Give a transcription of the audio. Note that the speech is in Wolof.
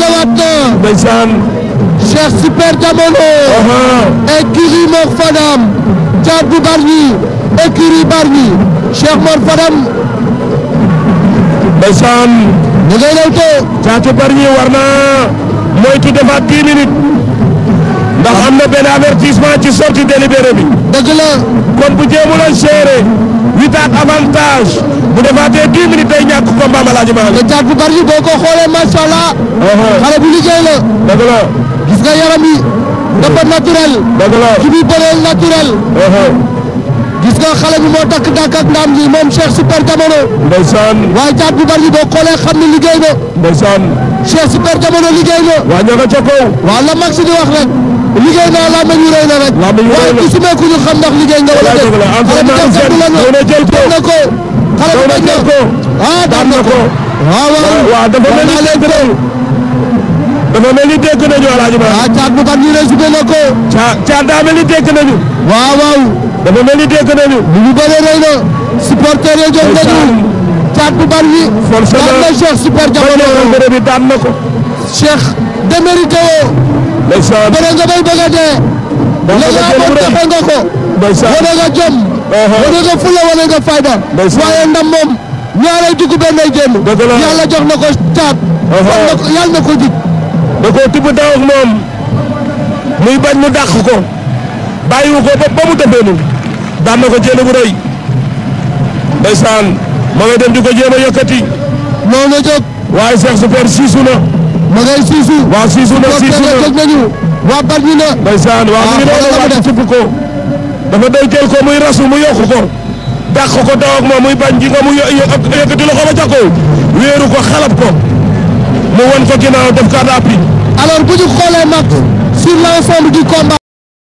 ñëwaat na. ndeysaan. Cheikh Super Jamono. Uh-huh. écurie Mor Fadam. Diabou Bargny. écurie Bargny. Cheikh Mor Fadam. ndeysaan. da ngay lewtoo. Caatu Bargny war moytu defaat 10 ndax am na benn avertissement ci sortie délibéré bi. dëgg la. kon bu jéemuloon serré. 8 defaatee 10 minutes Alaaji Maalik te Thiat Boucar yi boo ko xoolee macha allah. xale bu liggéey la. dëgg la gis nga yaram bi dafa naturel. dëgg la ci biir bëreel naturel. gis nga xale bi moo takk dàkk ak ndam ji moom Cheikh Super Jamono. ndeysaan waaye Thiat Boucar yi boo xoolee xam ne liggéey na. ndeysaan Cheikh Super Jamono liggéey na. waa ñoo ko ca kaw. waaw la Max di wax rek. liggéey naa laa mel rëy na rek. laa mel waaye ku si meeku ñu xam ndax liggéey nga wala def. xale bi def ko xale bi def ko. ah na ko. waaw waaw waaw dafa mel ni dégg na dafa mel ni dégg nañu Alaaji Ba. waaw caat bu kat ñu ne suba na ko. caa caat daa mel ni dégg nañu. waaw waaw. dafa mel ni dégg nañu. bu ñu bëree rëy na. supporter yi jox nañu. caat bu bari bi. forcément daan na Cheikh super jamono bërëb bi daan na ko. Cheikh démérité woo. ndeysaan bëre nga bay bëgg a dee. la nga amoon defe nga ko. ndeysaan wane nga jom. wane nga fulla wane nga fayda. waaye ndam moom. ñaareel dugg benn ay génn. dëgg la yàlla jox na ko caat. yàlla na ko jig. da koo tibb daw ak moom muy bañ mu dàq ko bàyyiwu ko ba ba mu tëbbee noonu daan na ko jënd bu rëy ndeysaan ma ngay dem di ko jéem a yëkkati. noonu la jóg. waaye Cheikh Super siisu na. ma ngay siisu. waaw siisu na siisu na jóg nañu. waa bat ñu na. ndeysaan waaw mu ngi doon ah, ko. dafa doy jël ko muy rasu mu yokk ko. dàq ko daw ak moom muy bañ ji nga mu yëkkati loxo ba ca wéeru ko xalab ko mu won ko ginnaaw def ko à l'appui. bu ñu xoolee nag sur l'ensemble du combat.